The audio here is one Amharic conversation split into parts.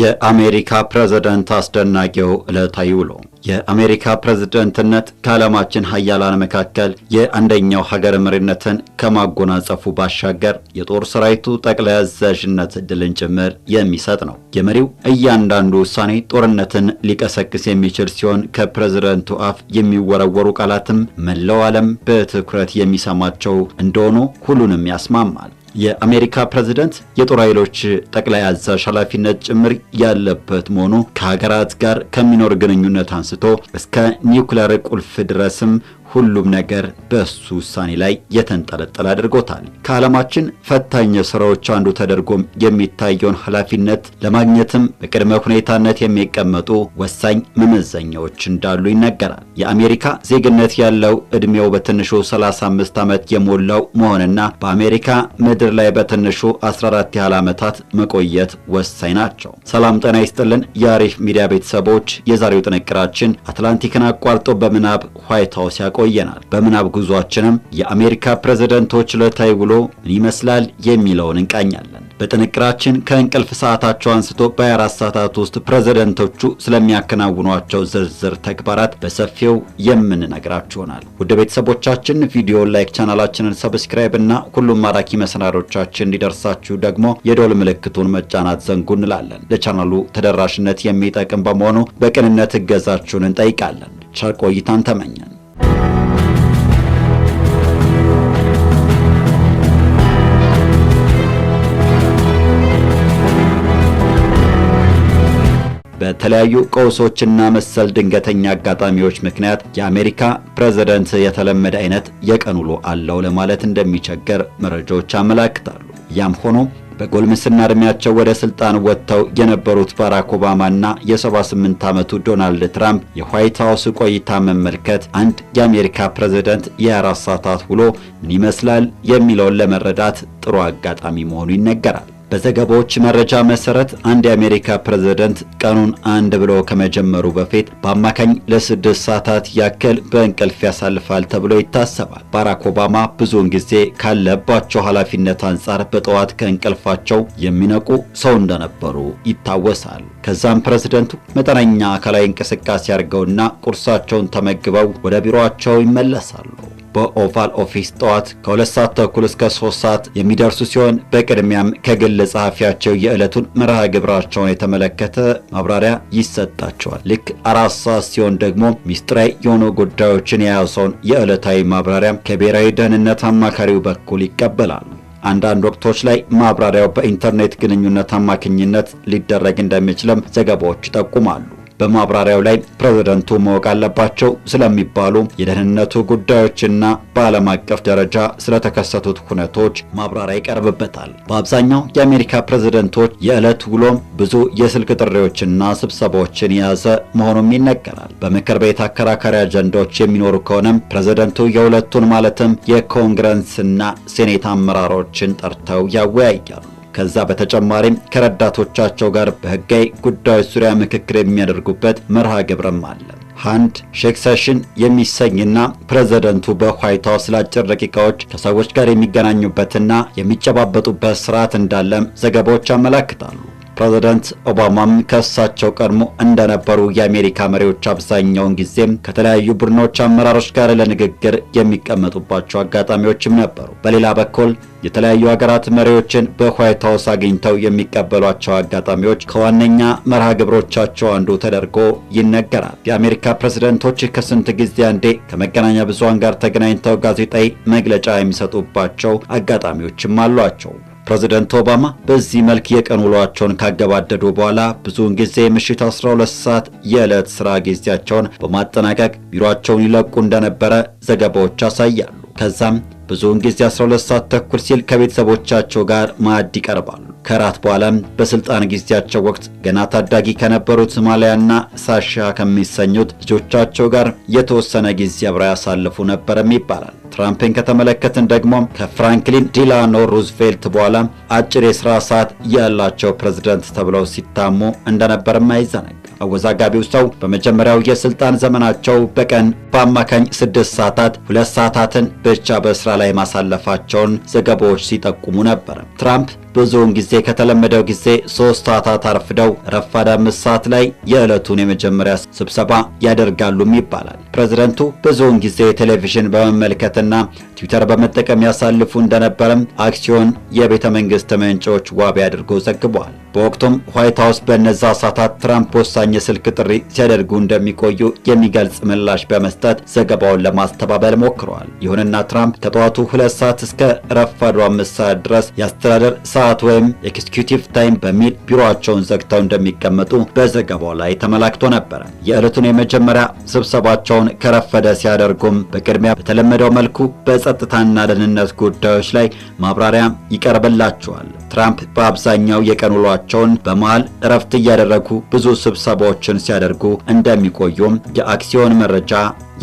የአሜሪካ ፕሬዝደንት አስደናቂው ዕለታዊ ውሎ። የአሜሪካ ፕሬዝደንትነት ከዓለማችን ሀያላን መካከል የአንደኛው ሀገር መሪነትን ከማጎናጸፉ ባሻገር የጦር ሰራዊቱ ጠቅላይ አዛዥነት ድልን ጭምር የሚሰጥ ነው። የመሪው እያንዳንዱ ውሳኔ ጦርነትን ሊቀሰቅስ የሚችል ሲሆን ከፕሬዝደንቱ አፍ የሚወረወሩ ቃላትም መላው ዓለም በትኩረት የሚሰማቸው እንደሆኑ ሁሉንም ያስማማል። የአሜሪካ ፕሬዝደንት የጦር ኃይሎች ጠቅላይ አዛዥ ኃላፊነት ጭምር ያለበት መሆኑ ከሀገራት ጋር ከሚኖር ግንኙነት አንስቶ እስከ ኒውክሌር ቁልፍ ድረስም ሁሉም ነገር በእሱ ውሳኔ ላይ የተንጠለጠለ አድርጎታል። ከዓለማችን ፈታኝ ስራዎች አንዱ ተደርጎም የሚታየውን ኃላፊነት ለማግኘትም በቅድመ ሁኔታነት የሚቀመጡ ወሳኝ መመዘኛዎች እንዳሉ ይነገራል። የአሜሪካ ዜግነት ያለው ዕድሜው በትንሹ 35 ዓመት የሞላው መሆንና በአሜሪካ ምድር ላይ በትንሹ 14 ያህል ዓመታት መቆየት ወሳኝ ናቸው። ሰላም ጤና ይስጥልን የአሪፍ ሚዲያ ቤተሰቦች፣ የዛሬው ጥንቅራችን አትላንቲክን አቋርጦ በምናብ ዋይት ሀውስ ቆየናል። በምናብ ጉዟችንም የአሜሪካ ፕሬዝደንቶች ዕለታዊ ውሎ ምን ይመስላል የሚለውን እንቃኛለን። በጥንቅራችን ከእንቅልፍ ሰዓታቸው አንስቶ በ24 ሰዓታት ውስጥ ፕሬዝደንቶቹ ስለሚያከናውኗቸው ዝርዝር ተግባራት በሰፊው የምንነግራችሁ ይሆናል። ውድ ቤተሰቦቻችን ቪዲዮ ላይክ፣ ቻናላችንን ሰብስክራይብ እና ሁሉም ማራኪ መሰናዶቻችን እንዲደርሳችሁ ደግሞ የዶል ምልክቱን መጫናት ዘንጉ እንላለን። ለቻናሉ ተደራሽነት የሚጠቅም በመሆኑ በቅንነት እገዛችሁን እንጠይቃለን። ቸር ቆይታን ተመኘን። በተለያዩ ቀውሶችና መሰል ድንገተኛ አጋጣሚዎች ምክንያት የአሜሪካ ፕሬዝደንት የተለመደ አይነት የቀን ውሎ አለው ለማለት እንደሚቸገር መረጃዎች አመላክታሉ። ያም ሆኖ በጎልምስና እድሜያቸው ወደ ስልጣን ወጥተው የነበሩት ባራክ ኦባማና የ78 ዓመቱ ዶናልድ ትራምፕ የዋይት ሀውስ ቆይታ መመልከት አንድ የአሜሪካ ፕሬዝደንት የ24 ሰዓታት ውሎ ምን ይመስላል የሚለውን ለመረዳት ጥሩ አጋጣሚ መሆኑ ይነገራል። በዘገባዎች መረጃ መሰረት አንድ የአሜሪካ ፕሬዝደንት ቀኑን አንድ ብሎ ከመጀመሩ በፊት በአማካኝ ለስድስት ሰዓታት ያክል በእንቅልፍ ያሳልፋል ተብሎ ይታሰባል። ባራክ ኦባማ ብዙውን ጊዜ ካለባቸው ኃላፊነት አንጻር በጠዋት ከእንቅልፋቸው የሚነቁ ሰው እንደነበሩ ይታወሳል። ከዛም ፕሬዝደንቱ መጠነኛ አካላዊ እንቅስቃሴ አድርገውና ቁርሳቸውን ተመግበው ወደ ቢሮአቸው ይመለሳሉ። በኦቫል ኦፊስ ጠዋት ከሁለት ሰዓት ተኩል እስከ ሶስት ሰዓት የሚደርሱ ሲሆን በቅድሚያም ከግል ጸሐፊያቸው የዕለቱን መርሃ ግብራቸውን የተመለከተ ማብራሪያ ይሰጣቸዋል። ልክ አራት ሰዓት ሲሆን ደግሞ ሚስጥራዊ የሆኑ ጉዳዮችን የያዘውን የዕለታዊ ማብራሪያ ከብሔራዊ ደህንነት አማካሪው በኩል ይቀበላል። አንዳንድ ወቅቶች ላይ ማብራሪያው በኢንተርኔት ግንኙነት አማካኝነት ሊደረግ እንደሚችልም ዘገባዎች ይጠቁማሉ። በማብራሪያው ላይ ፕሬዝደንቱ ማወቅ አለባቸው ስለሚባሉ የደህንነቱ ጉዳዮችና በዓለም አቀፍ ደረጃ ስለተከሰቱት ሁነቶች ማብራሪያ ይቀርብበታል። በአብዛኛው የአሜሪካ ፕሬዝደንቶች የዕለት ውሎም ብዙ የስልክ ጥሪዎችና ስብሰባዎችን የያዘ መሆኑም ይነገራል። በምክር ቤት አከራካሪ አጀንዳዎች የሚኖሩ ከሆነም ፕሬዝደንቱ የሁለቱን ማለትም የኮንግረስና ሴኔት አመራሮችን ጠርተው ያወያያሉ። ከዛ በተጨማሪም ከረዳቶቻቸው ጋር በህጋዊ ጉዳዮች ዙሪያ ምክክር የሚያደርጉበት መርሃ ግብርም አለ። ሃንድ ሼክ ሰሽን የሚሰኝና ፕሬዝደንቱ በዋይት ሀውስ ለአጭር ደቂቃዎች ከሰዎች ጋር የሚገናኙበትና የሚጨባበጡበት ስርዓት እንዳለም ዘገባዎች ያመላክታሉ። ፕሬዝዳንት ኦባማም ከእሳቸው ቀድሞ እንደነበሩ የአሜሪካ መሪዎች አብዛኛውን ጊዜም ከተለያዩ ቡድኖች አመራሮች ጋር ለንግግር የሚቀመጡባቸው አጋጣሚዎችም ነበሩ። በሌላ በኩል የተለያዩ ሀገራት መሪዎችን በዋይት ሀውስ አግኝተው የሚቀበሏቸው አጋጣሚዎች ከዋነኛ መርሃ ግብሮቻቸው አንዱ ተደርጎ ይነገራል። የአሜሪካ ፕሬዝደንቶች ከስንት ጊዜ አንዴ ከመገናኛ ብዙሃን ጋር ተገናኝተው ጋዜጣዊ መግለጫ የሚሰጡባቸው አጋጣሚዎችም አሏቸው። ፕሬዝደንት ኦባማ በዚህ መልክ የቀን ውሏቸውን ካገባደዱ በኋላ ብዙውን ጊዜ ምሽት 12 ሰዓት የዕለት ስራ ጊዜያቸውን በማጠናቀቅ ቢሮአቸውን ይለቁ እንደነበረ ዘገባዎች ያሳያሉ። ከዛም ብዙውን ጊዜ 12 ሰዓት ተኩል ሲል ከቤተሰቦቻቸው ጋር ማዕድ ይቀርባሉ። ከራት በኋላም በስልጣን ጊዜያቸው ወቅት ገና ታዳጊ ከነበሩት ማሊያና ሳሻ ከሚሰኙት ልጆቻቸው ጋር የተወሰነ ጊዜ አብረው ያሳልፉ ነበርም ይባላል። ትራምፕን ከተመለከትን ደግሞ ከፍራንክሊን ዲላኖ ሩዝቬልት በኋላ አጭር የሥራ ሰዓት ያላቸው ፕሬዝደንት ተብለው ሲታሙ እንደነበርም አይዘነጋም። አወዛጋቢው ሰው በመጀመሪያው የስልጣን ዘመናቸው በቀን በአማካኝ ስድስት ሰዓታት ሁለት ሰዓታትን ብቻ በስራ ላይ ማሳለፋቸውን ዘገባዎች ሲጠቁሙ ነበር። ትራምፕ ብዙውን ጊዜ ከተለመደው ጊዜ ሶስት ሰዓታት አርፍደው ረፋድ አምስት ሰዓት ላይ የዕለቱን የመጀመሪያ ስብሰባ ያደርጋሉም ይባላል። ፕሬዝደንቱ ብዙውን ጊዜ ቴሌቪዥን በመመልከትና ትዊተር በመጠቀም ያሳልፉ እንደነበረም አክሲዮን የቤተ መንግሥት ምንጮች ዋቢ አድርጎ ዘግቧል። በወቅቱም ዋይት ሀውስ በእነዚያ ሰዓታት ትራምፕ ወሳኝ የስልክ ጥሪ ሲያደርጉ እንደሚቆዩ የሚገልጽ ምላሽ በመስጠት ዘገባውን ለማስተባበል ሞክረዋል። ይሁንና ትራምፕ ከጠዋቱ ሁለት ሰዓት እስከ ረፋዱ አምስት ሰዓት ድረስ የአስተዳደር ሰዓት ወይም ኤክስኪዩቲቭ ታይም በሚል ቢሮቸውን ዘግተው እንደሚቀመጡ በዘገባው ላይ ተመላክቶ ነበረ። የዕለቱን የመጀመሪያ ስብሰባቸውን ከረፈደ ሲያደርጉም በቅድሚያ በተለመደው መልኩ በጸጥታና ደህንነት ጉዳዮች ላይ ማብራሪያ ይቀርብላቸዋል። ትራምፕ በአብዛኛው የቀን ውሏቸው ስራቸውን በመሃል እረፍት እያደረጉ ብዙ ስብሰባዎችን ሲያደርጉ እንደሚቆዩም የአክሲዮን መረጃ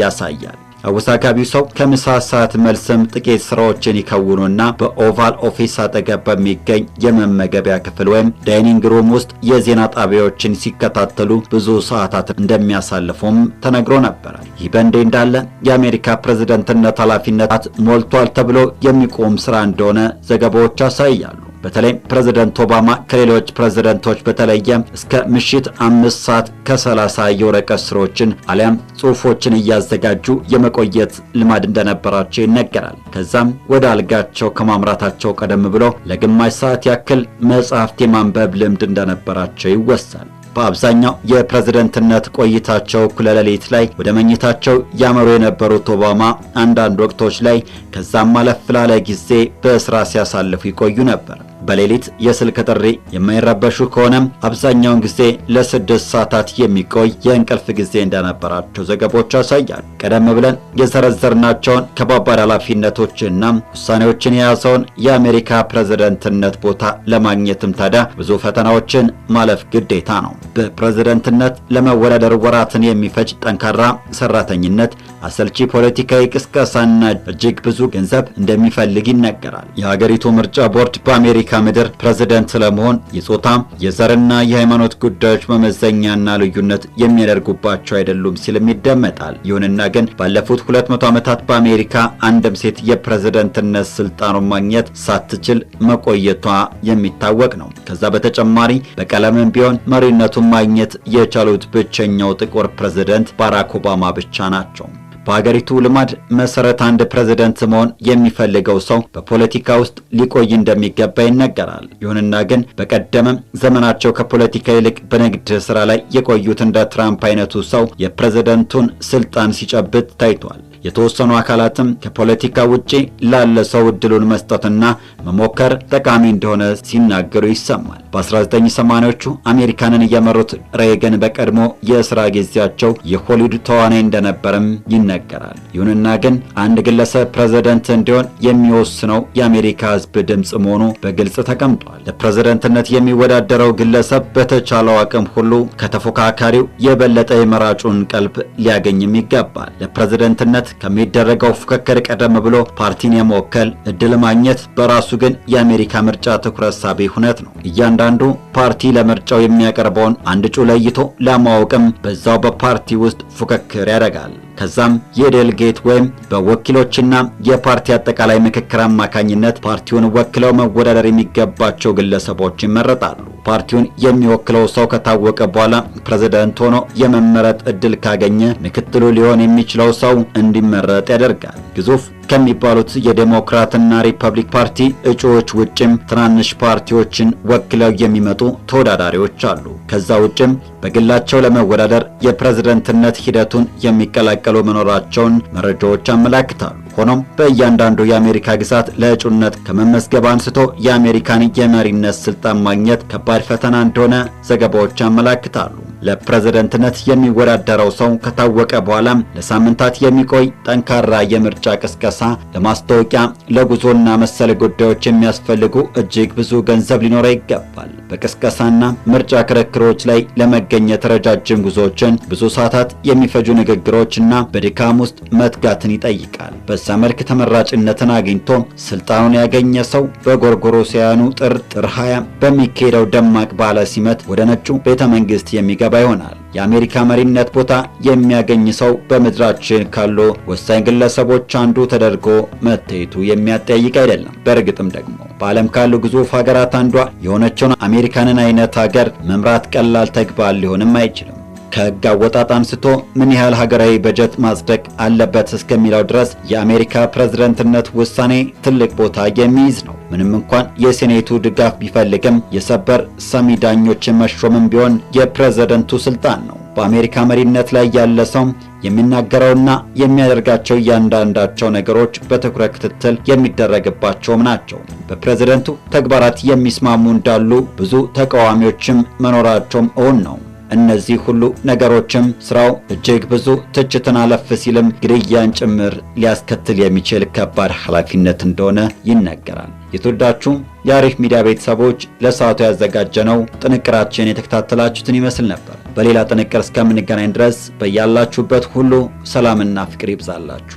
ያሳያል። አወዛጋቢው ሰው ከምሳ ሰዓት መልስም ጥቂት ስራዎችን ይከውኑና በኦቫል ኦፊስ አጠገብ በሚገኝ የመመገቢያ ክፍል ወይም ዳይኒንግ ሩም ውስጥ የዜና ጣቢያዎችን ሲከታተሉ ብዙ ሰዓታት እንደሚያሳልፉም ተነግሮ ነበረ። ይህ በእንዲህ እንዳለ የአሜሪካ ፕሬዝደንትነት ኃላፊነት ሞልቷል ተብሎ የሚቆም ስራ እንደሆነ ዘገባዎች ያሳያሉ። በተለይም ፕሬዝደንት ኦባማ ከሌሎች ፕሬዝደንቶች በተለየ እስከ ምሽት አምስት ሰዓት ከሰላሳ የወረቀት ስራዎችን አሊያም ጽሁፎችን እያዘጋጁ የመቆየት ልማድ እንደነበራቸው ይነገራል። ከዛም ወደ አልጋቸው ከማምራታቸው ቀደም ብሎ ለግማሽ ሰዓት ያክል መጽሐፍት የማንበብ ልምድ እንደነበራቸው ይወሳል። በአብዛኛው የፕሬዝደንትነት ቆይታቸው ኩለሌሊት ላይ ወደ መኝታቸው ያመሩ የነበሩት ኦባማ አንዳንድ ወቅቶች ላይ ከዛም አለፍ ላለ ጊዜ በስራ ሲያሳልፉ ይቆዩ ነበር። በሌሊት የስልክ ጥሪ የማይረበሹ ከሆነ አብዛኛውን ጊዜ ለስድስት ሰዓታት የሚቆይ የእንቅልፍ ጊዜ እንደነበራቸው ዘገቦች ያሳያል። ቀደም ብለን የዘረዘርናቸውን ከባባድ ኃላፊነቶችና ውሳኔዎችን የያዘውን የአሜሪካ ፕሬዝደንትነት ቦታ ለማግኘትም ታዲያ ብዙ ፈተናዎችን ማለፍ ግዴታ ነው። በፕሬዝደንትነት ለመወዳደር ወራትን የሚፈጅ ጠንካራ ሰራተኝነት፣ አሰልቺ ፖለቲካዊ ቅስቀሳና እጅግ ብዙ ገንዘብ እንደሚፈልግ ይነገራል። የሀገሪቱ ምርጫ ቦርድ በአሜሪካ የአሜሪካ ምድር ፕሬዝደንት ለመሆን የጾታ የዘርና የሃይማኖት ጉዳዮች መመዘኛና ልዩነት የሚያደርጉባቸው አይደሉም ሲልም ይደመጣል። ይሁንና ግን ባለፉት 200 ዓመታት በአሜሪካ አንድም ሴት የፕሬዝደንትነት ስልጣኑን ማግኘት ሳትችል መቆየቷ የሚታወቅ ነው። ከዛ በተጨማሪ በቀለምም ቢሆን መሪነቱን ማግኘት የቻሉት ብቸኛው ጥቁር ፕሬዝደንት ባራክ ኦባማ ብቻ ናቸው። በሀገሪቱ ልማድ መሰረት አንድ ፕሬዝደንት መሆን የሚፈልገው ሰው በፖለቲካ ውስጥ ሊቆይ እንደሚገባ ይነገራል። ይሁንና ግን በቀደመም ዘመናቸው ከፖለቲካ ይልቅ በንግድ ስራ ላይ የቆዩት እንደ ትራምፕ አይነቱ ሰው የፕሬዝደንቱን ስልጣን ሲጨብጥ ታይቷል። የተወሰኑ አካላትም ከፖለቲካ ውጪ ላለ ሰው እድሉን መስጠትና መሞከር ጠቃሚ እንደሆነ ሲናገሩ ይሰማል። በ1980ዎቹ አሜሪካንን እየመሩት ሬገን በቀድሞ የስራ ጊዜያቸው የሆሊውድ ተዋናይ እንደነበረም ይነገራል። ይሁንና ግን አንድ ግለሰብ ፕሬዝደንት እንዲሆን የሚወስነው የአሜሪካ ሕዝብ ድምፅ መሆኑ በግልጽ ተቀምጧል። ለፕሬዝደንትነት የሚወዳደረው ግለሰብ በተቻለው አቅም ሁሉ ከተፎካካሪው የበለጠ የመራጩን ቀልብ ሊያገኝም ይገባል። ለፕሬዝደንትነት ከሚደረገው ፉክክር ቀደም ብሎ ፓርቲን የመወከል እድል ማግኘት በራሱ ግን የአሜሪካ ምርጫ ትኩረት ሳቢ ሁነት ነው። እያንዳንዱ ፓርቲ ለምርጫው የሚያቀርበውን አንድ እጩ ለይቶ ለማወቅም በዛው በፓርቲ ውስጥ ፉክክር ያደርጋል። ከዛም የዴልጌት ወይም በወኪሎችና የፓርቲ አጠቃላይ ምክክር አማካኝነት ፓርቲውን ወክለው መወዳደር የሚገባቸው ግለሰቦች ይመረጣሉ። ፓርቲውን የሚወክለው ሰው ከታወቀ በኋላ ፕሬዝዳንት ሆኖ የመመረጥ እድል ካገኘ ምክትሉ ሊሆን የሚችለው ሰው እንዲመረጥ ያደርጋል። ግዙፍ ከሚባሉት የዴሞክራትና ሪፐብሊክ ፓርቲ እጩዎች ውጭም ትናንሽ ፓርቲዎችን ወክለው የሚመጡ ተወዳዳሪዎች አሉ። ከዛ ውጭም በግላቸው ለመወዳደር የፕሬዝደንትነት ሂደቱን የሚቀላቀሉ መኖራቸውን መረጃዎች አመላክታሉ። ሆኖም በእያንዳንዱ የአሜሪካ ግዛት ለእጩነት ከመመዝገብ አንስቶ የአሜሪካን የመሪነት ስልጣን ማግኘት ከባድ ፈተና እንደሆነ ዘገባዎች አመላክታሉ። ለፕሬዝደንትነት የሚወዳደረው ሰው ከታወቀ በኋላ ለሳምንታት የሚቆይ ጠንካራ የምርጫ ቅስቀሳ፣ ለማስታወቂያ፣ ለጉዞና መሰል ጉዳዮች የሚያስፈልጉ እጅግ ብዙ ገንዘብ ሊኖረው ይገባል። በቅስቀሳና ምርጫ ክርክሮች ላይ ለመገኘት ረጃጅም ጉዞዎችን፣ ብዙ ሰዓታት የሚፈጁ ንግግሮችና በድካም ውስጥ መትጋትን ይጠይቃል። በዛ መልክ ተመራጭነትን አግኝቶ ስልጣኑን ያገኘ ሰው በጎርጎሮሳውያኑ ጥር ጥር 20 በሚካሄደው ደማቅ በዓለ ሲመት ወደ ነጩ ቤተ መንግስት የሚገባ ሰለባ ይሆናል። የአሜሪካ መሪነት ቦታ የሚያገኝ ሰው በምድራችን ካሉ ወሳኝ ግለሰቦች አንዱ ተደርጎ መታየቱ የሚያጠያይቅ አይደለም። በእርግጥም ደግሞ በዓለም ካሉ ግዙፍ ሀገራት አንዷ የሆነችውን አሜሪካንን አይነት ሀገር መምራት ቀላል ተግባር ሊሆንም አይችልም። ከህግ አወጣጥ አንስቶ ምን ያህል ሀገራዊ በጀት ማጽደቅ አለበት እስከሚለው ድረስ የአሜሪካ ፕሬዝደንትነት ውሳኔ ትልቅ ቦታ የሚይዝ ነው። ምንም እንኳን የሴኔቱ ድጋፍ ቢፈልግም የሰበር ሰሚ ዳኞችን መሾምም ቢሆን የፕሬዝደንቱ ስልጣን ነው። በአሜሪካ መሪነት ላይ ያለ ሰው የሚናገረውና የሚያደርጋቸው እያንዳንዳቸው ነገሮች በትኩረት ክትትል የሚደረግባቸውም ናቸው። በፕሬዝደንቱ ተግባራት የሚስማሙ እንዳሉ ብዙ ተቃዋሚዎችም መኖራቸውም እውን ነው። እነዚህ ሁሉ ነገሮችም ስራው እጅግ ብዙ ትችትን አለፍ ሲልም ግድያን ጭምር ሊያስከትል የሚችል ከባድ ኃላፊነት እንደሆነ ይነገራል። የተወዳችሁ የአሪፍ ሚዲያ ቤተሰቦች ለሰዓቱ ያዘጋጀነው ጥንቅራችን የተከታተላችሁትን ይመስል ነበር። በሌላ ጥንቅር እስከምንገናኝ ድረስ በያላችሁበት ሁሉ ሰላምና ፍቅር ይብዛላችሁ።